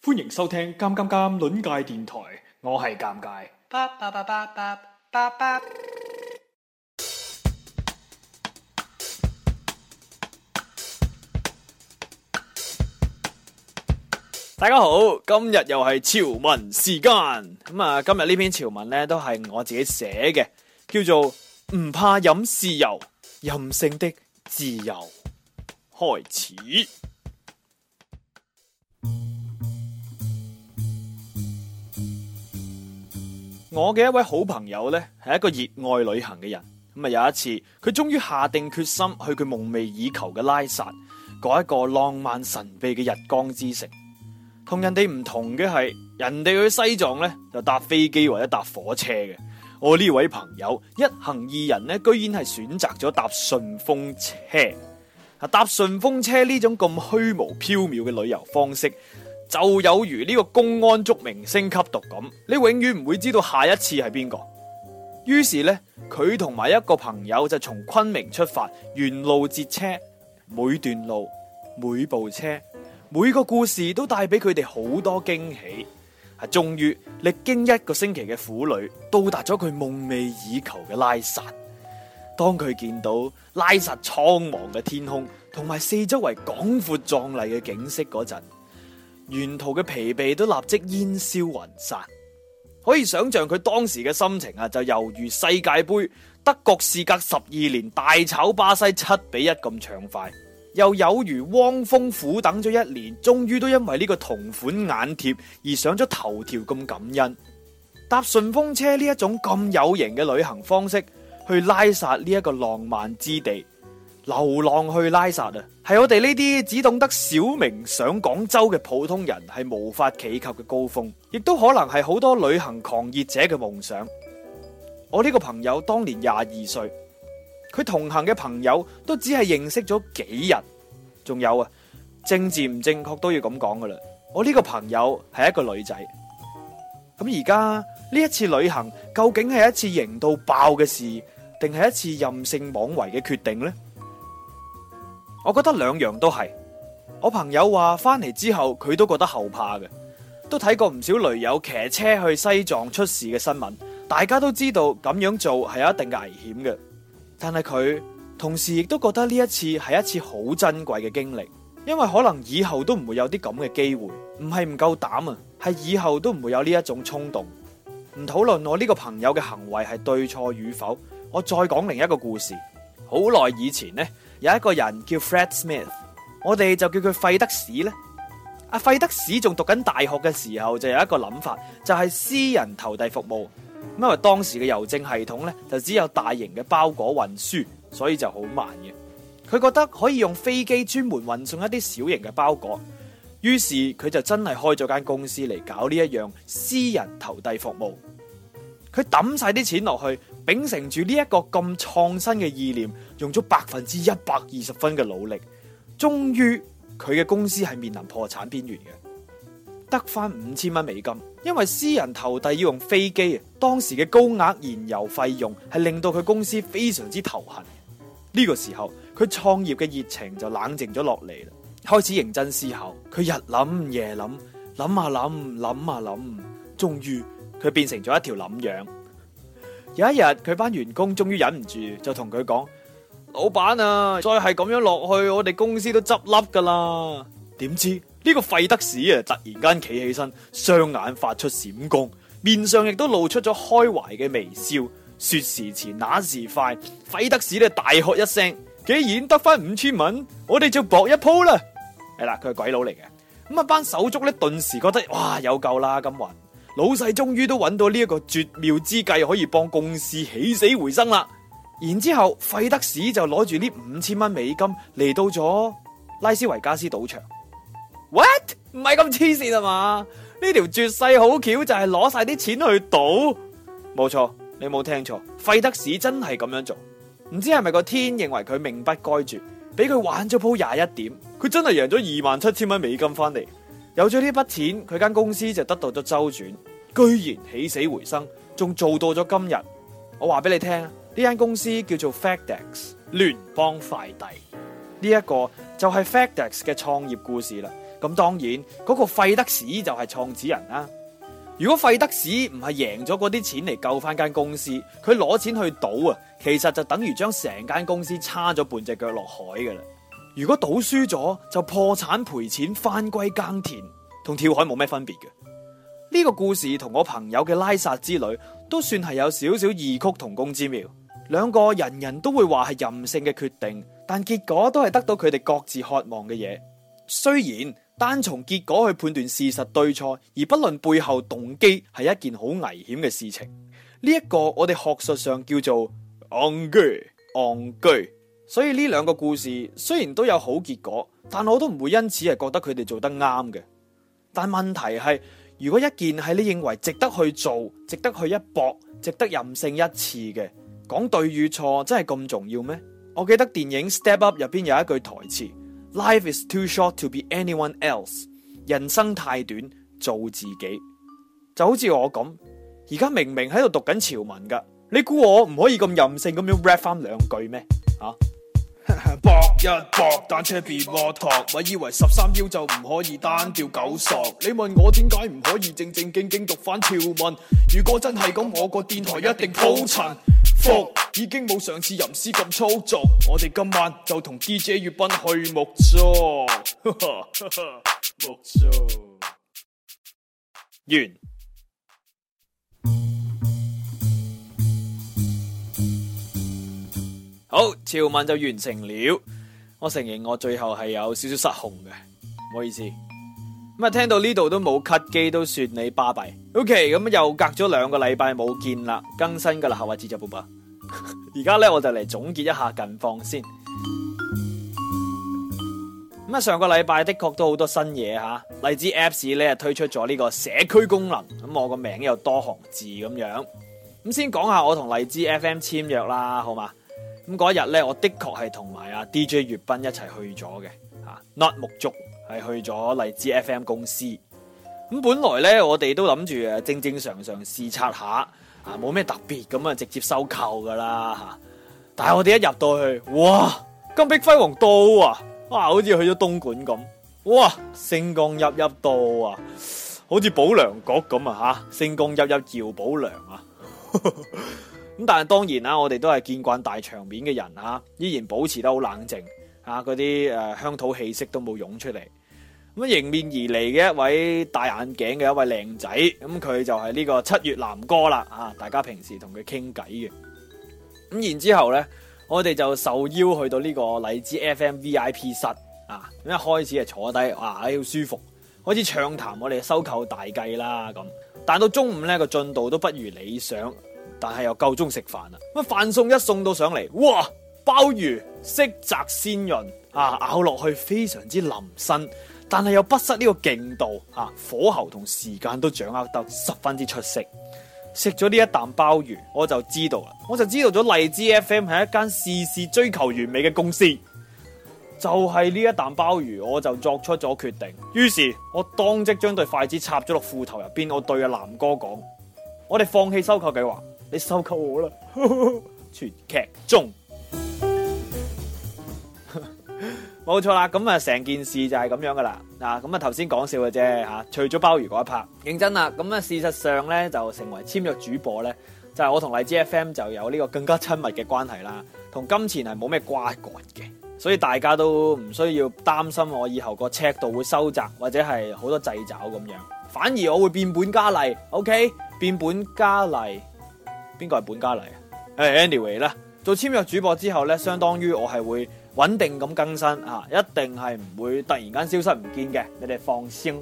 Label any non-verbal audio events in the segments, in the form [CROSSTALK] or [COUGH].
歡迎收聽《尷尷尷》倫界電台，我係尷尬。大家好，今日又係潮文時間。咁啊，今日呢篇潮文咧都係我自己寫嘅，叫做唔怕飲豉油，任性的自由開始。我嘅一位好朋友呢，係一個熱愛旅行嘅人。咁啊，有一次佢終於下定決心去佢夢寐以求嘅拉薩，嗰一個浪漫神秘嘅日光之城。人同人哋唔同嘅係，人哋去西藏呢，就搭飛機或者搭火車嘅。我呢位朋友一行二人呢，居然係選擇咗搭順風車。啊，搭順風車呢種咁虛無縹緲嘅旅遊方式。就有如呢個公安捉明星吸毒咁，你永遠唔會知道下一次係邊個。於是呢，佢同埋一個朋友就從昆明出發，沿路截車，每段路，每部車，每個故事都帶俾佢哋好多驚喜。係終於歷經一個星期嘅苦旅，到達咗佢夢寐以求嘅拉薩。當佢見到拉薩蒼茫嘅天空同埋四周圍廣闊壯麗嘅景色嗰陣。沿途嘅疲憊都立即煙消雲散，可以想象佢當時嘅心情啊，就猶如世界杯德國事隔十二年大炒巴西七比一咁暢快，又有如汪峰苦等咗一年，終於都因為呢個同款眼貼而上咗頭條咁感恩。搭順風車呢一種咁有型嘅旅行方式，去拉薩呢一個浪漫之地。流浪去拉薩啊，係我哋呢啲只懂得小明上廣州嘅普通人係無法企及嘅高峰，亦都可能係好多旅行狂熱者嘅夢想。我呢個朋友當年廿二歲，佢同行嘅朋友都只係認識咗幾日，仲有啊，政治唔正確都要咁講噶啦。我呢個朋友係一個女仔，咁而家呢一次旅行究竟係一次型到爆嘅事，定係一次任性妄為嘅決定呢？我覺得兩樣都係，我朋友話翻嚟之後佢都覺得後怕嘅，都睇過唔少驢友騎車去西藏出事嘅新聞，大家都知道咁樣做係有一定嘅危險嘅，但係佢同時亦都覺得呢一次係一次好珍貴嘅經歷，因為可能以後都唔會有啲咁嘅機會，唔係唔夠膽啊，係以後都唔會有呢一種衝動。唔討論我呢個朋友嘅行為係對錯與否，我再講另一個故事，好耐以前呢。有一個人叫 Fred Smith，我哋就叫佢費德史呢。阿、啊、費德史仲讀緊大學嘅時候，就有一個諗法，就係、是、私人投遞服務。因為當時嘅郵政系統呢，就只有大型嘅包裹運輸，所以就好慢嘅。佢覺得可以用飛機專門運送一啲小型嘅包裹，於是佢就真係開咗間公司嚟搞呢一樣私人投遞服務。佢抌晒啲錢落去，秉承住呢一個咁創新嘅意念，用咗百分之一百二十分嘅努力，終於佢嘅公司係面臨破產邊緣嘅，得翻五千蚊美金。因為私人投遞要用飛機啊，當時嘅高額燃油費用係令到佢公司非常之頭痕。呢個時候佢創業嘅熱情就冷靜咗落嚟啦，開始認真思考。佢日諗夜諗，諗下諗諗下諗，終於。佢變成咗一條冧樣。有一日，佢班員工終於忍唔住，就同佢講：老闆啊，再係咁樣落去，我哋公司都執笠噶啦。點知呢個費德士啊，突然間企起身，雙眼發出閃光，面上亦都露出咗開懷嘅微笑。說時遲那時快，費德士咧大喝一聲：既然得翻五千文，我哋就搏一鋪啦！係啦，佢係鬼佬嚟嘅。咁啊，班手足咧頓時覺得哇有救啦，咁話。老細終於都揾到呢一個絕妙之計，可以幫公司起死回生啦。然之後費德士就攞住呢五千蚊美金嚟到咗拉斯維加斯賭場。What？唔係咁黐線啊嘛？呢條絕世好橋就係攞晒啲錢去賭。冇錯，你冇聽錯，費德士真係咁樣做。唔知係咪個天認為佢命不該絕，俾佢玩咗鋪廿一點，佢真係贏咗二萬七千蚊美金翻嚟。有咗呢筆錢，佢間公司就得到咗周轉，居然起死回生，仲做到咗今日。我話俾你聽啊，呢間公司叫做 FedEx 聯邦快遞，呢一個就係 FedEx 嘅創業故事啦。咁當然，嗰個費德史就係創始人啦。如果費德史唔係贏咗嗰啲錢嚟救翻間公司，佢攞錢去賭啊，其實就等於將成間公司差咗半隻腳落海噶啦。如果賭輸咗就破產賠錢翻歸耕田，同跳海冇咩分別嘅。呢個故事同我朋友嘅拉薩之旅都算係有少少異曲同工之妙。兩個人人都會話係任性嘅決定，但結果都係得到佢哋各自渴望嘅嘢。雖然單從結果去判斷事實對錯，而不論背後動機，係一件好危險嘅事情。呢一個我哋學術上叫做戇居戇居。所以呢兩個故事雖然都有好結果，但我都唔會因此係覺得佢哋做得啱嘅。但問題係，如果一件係你認為值得去做、值得去一搏、值得任性一次嘅，講對與錯真係咁重要咩？我記得電影《Step Up》入邊有一句台詞：Life is too short to be anyone else。人生太短，做自己。就好似我咁，而家明明喺度讀緊潮文噶，你估我唔可以咁任性咁樣 rap 翻兩句咩？博一博，單車變摩托，咪以為十三幺就唔可以單掉九索。你問我點解唔可以正正經經讀翻條文？如果真係咁，我個電台一定鋪塵。服已經冇上次吟詩咁粗俗，我哋今晚就同 DJ 粵賓去木座，哈哈木座完。好，潮文就完成了。我承認我最後係有少少失控嘅，唔好意思。咁啊，聽到呢度都冇 cut 機，都算你巴閉。OK，咁又隔咗兩個禮拜冇見啦，更新噶啦，下話接着播吧。而家咧，我就嚟總結一下近況先。咁啊，上個禮拜的確都好多新嘢吓，荔枝 Apps 咧推出咗呢個社區功能。咁我個名有多行字咁樣。咁先講下我同荔枝 FM 簽約啦，好嘛？咁嗰一日咧，我的確係同埋阿 DJ 月斌一齊去咗嘅，吓 Not 木竹係去咗荔枝 FM 公司。咁本來咧，我哋都諗住誒正正常常視察下，啊冇咩特別咁啊直接收購噶啦吓。但係我哋一入到去，哇金碧輝煌刀啊，啊好似去咗東莞咁，哇星光熠熠刀啊，好似保良局咁啊吓，星光熠熠耀保良啊。 [LAUGHS] 咁但係當然啦、啊，我哋都係見慣大場面嘅人嚇、啊，依然保持得好冷靜嚇，嗰啲誒鄉土氣息都冇湧出嚟。咁迎面而嚟嘅一位戴眼鏡嘅一位靚仔，咁、啊、佢就係呢個七月男哥啦嚇、啊，大家平時同佢傾偈嘅。咁、啊、然之後呢，我哋就受邀去到呢個荔枝 FM VIP 室啊，一開始係坐低，哇，好、哎、舒服，開始暢談我哋嘅收購大計啦咁。但到中午呢個進度都不如理想。但係又夠鐘食飯啦！乜飯送一送到上嚟，哇，鮑魚色澤鮮潤啊，咬落去非常之腍身，但係又不失呢個勁度啊，火候同時間都掌握得十分之出色。食咗呢一啖鮑魚，我就知道啦，我就知道咗荔枝 FM 係一間事事追求完美嘅公司。就係呢一啖鮑魚，我就作出咗決定。於是我當即將對筷子插咗落褲頭入邊，我對阿南哥講：我哋放棄收購計劃。你收購我啦！全劇終，冇錯啦。咁啊，成件事就係咁樣噶啦。嗱，咁啊，頭先講笑嘅啫吓，除咗鮑魚嗰一 part 認真啦。咁啊，事實上咧就成為簽約主播咧，就係我同荔枝 F.M. 就有呢個更加親密嘅關係啦。同金錢係冇咩瓜葛嘅，所以大家都唔需要擔心我以後個尺度會收窄或者係好多掣肘咁樣。反而我會變本加厲，OK？變本加厲。邊個係本家嚟啊？Anyway 咧，做簽約主播之後咧，相當於我係會穩定咁更新啊，一定係唔會突然間消失唔見嘅。你哋放心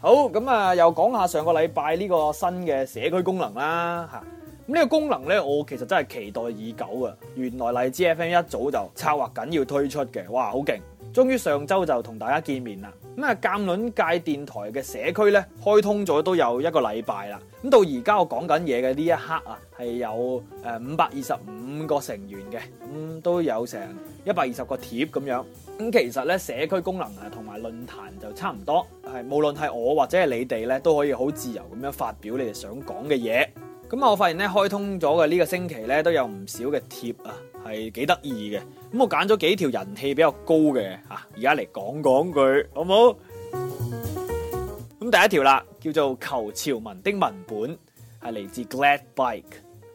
好咁啊！又講下上個禮拜呢個新嘅社區功能啦吓，咁、這、呢個功能咧，我其實真係期待已久啊。原來荔枝 FM 一早就策劃緊要推出嘅，哇，好勁！終於上週就同大家見面啦！咁啊，鑑論界電台嘅社區咧，開通咗都有一個禮拜啦。咁到而家我講緊嘢嘅呢一刻啊，係有誒五百二十五個成員嘅，咁、嗯、都有成一百二十個貼咁樣。咁、嗯、其實咧，社區功能啊，同埋論壇就差唔多，係無論係我或者係你哋咧，都可以好自由咁樣發表你哋想講嘅嘢。咁、嗯、啊，我發現咧，開通咗嘅呢個星期咧，都有唔少嘅貼啊。係幾得意嘅。咁，我揀咗幾條人氣比較高嘅，吓，而家嚟講講佢好唔好？咁 [MUSIC] 第一條啦，叫做求潮文的文本，係嚟自 Glad Bike。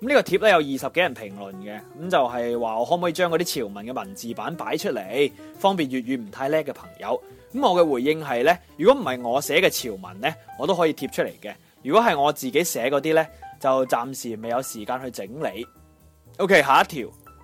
咁呢個貼咧，有二十幾人評論嘅，咁就係話，我可唔可以將嗰啲潮文嘅文字版擺出嚟，方便粵語唔太叻嘅朋友？咁我嘅回應係咧，如果唔係我寫嘅潮文呢，我都可以貼出嚟嘅。如果係我自己寫嗰啲呢，就暫時未有時間去整理。OK，下一條。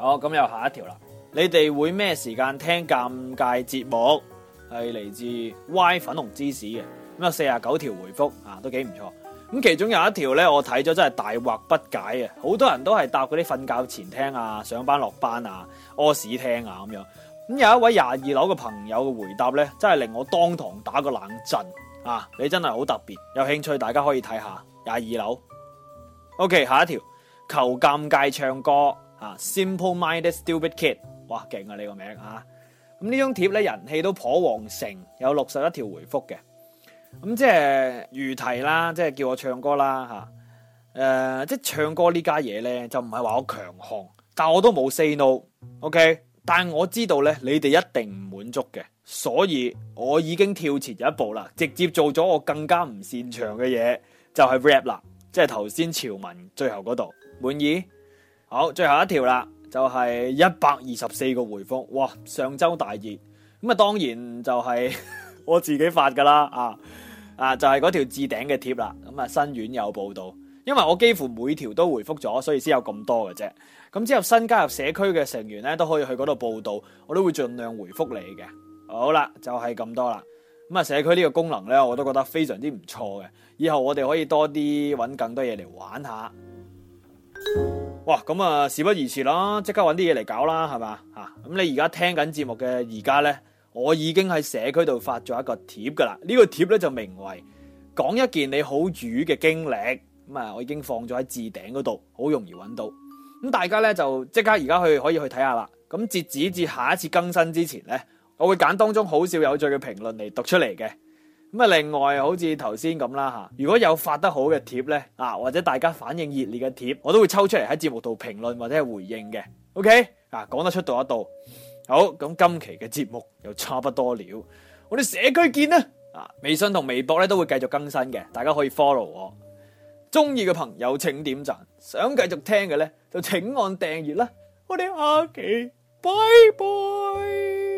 好，咁又下一條啦，你哋會咩時間聽尷尬節目？係嚟自 Y 粉紅芝士嘅，咁有四十九條回覆啊，都幾唔錯。咁、嗯、其中有一條咧，我睇咗真係大惑不解啊！好多人都係搭嗰啲瞓覺前聽啊，上班落班啊，屙屎聽啊咁樣。咁、嗯、有一位廿二樓嘅朋友嘅回答咧，真係令我當堂打個冷震啊！你真係好特別，有興趣大家可以睇下廿二樓。OK，下一條求尷尬唱歌。啊，simple minded stupid kid，哇，勁啊！呢、呢個名啊，咁呢張貼咧人氣都頗旺盛，有六十一條回覆嘅。咁、啊、即係如題啦，即係叫我唱歌啦吓，誒、啊，即係唱歌呢家嘢咧就唔係話我強項，但我都冇 say no，okay? 但係我知道咧你哋一定唔滿足嘅，所以我已經跳前一步啦，直接做咗我更加唔擅長嘅嘢，就係、是、rap 啦，即係頭先潮文最後嗰度，滿意？好，最後一條啦，就係一百二十四個回覆，哇！上周大熱，咁啊，當然就係 [LAUGHS] 我自己發噶啦，啊啊，就係嗰條置頂嘅貼啦，咁啊，新院有報道，因為我幾乎每條都回覆咗，所以先有咁多嘅啫。咁之後新加入社區嘅成員咧，都可以去嗰度報道，我都會盡量回覆你嘅。好啦，就係咁多啦。咁啊，社區呢個功能咧，我都覺得非常之唔錯嘅，以後我哋可以多啲搵更多嘢嚟玩下。哇，咁啊事不宜遲啦，即刻揾啲嘢嚟搞啦，係嘛？嚇、啊，咁你而家聽緊節目嘅而家咧，我已經喺社區度發咗一個貼噶啦，呢個貼咧就名為講一件你好魚嘅經歷，咁啊，我已經放咗喺置頂嗰度，好容易揾到。咁大家咧就即刻而家去可以去睇下啦。咁截止至下一次更新之前咧，我會揀當中好笑有趣嘅評論嚟讀出嚟嘅。咁啊，另外好似頭先咁啦吓，如果有發得好嘅貼咧，啊或者大家反應熱烈嘅貼，我都會抽出嚟喺節目度評論或者係回應嘅，OK？啊，講得出到一度。好，咁今期嘅節目又差不多了，我哋社區見啦，啊，微信同微博咧都會繼續更新嘅，大家可以 follow 我。中意嘅朋友請點讚，想繼續聽嘅咧就請按訂閱啦。我哋下期，bye bye。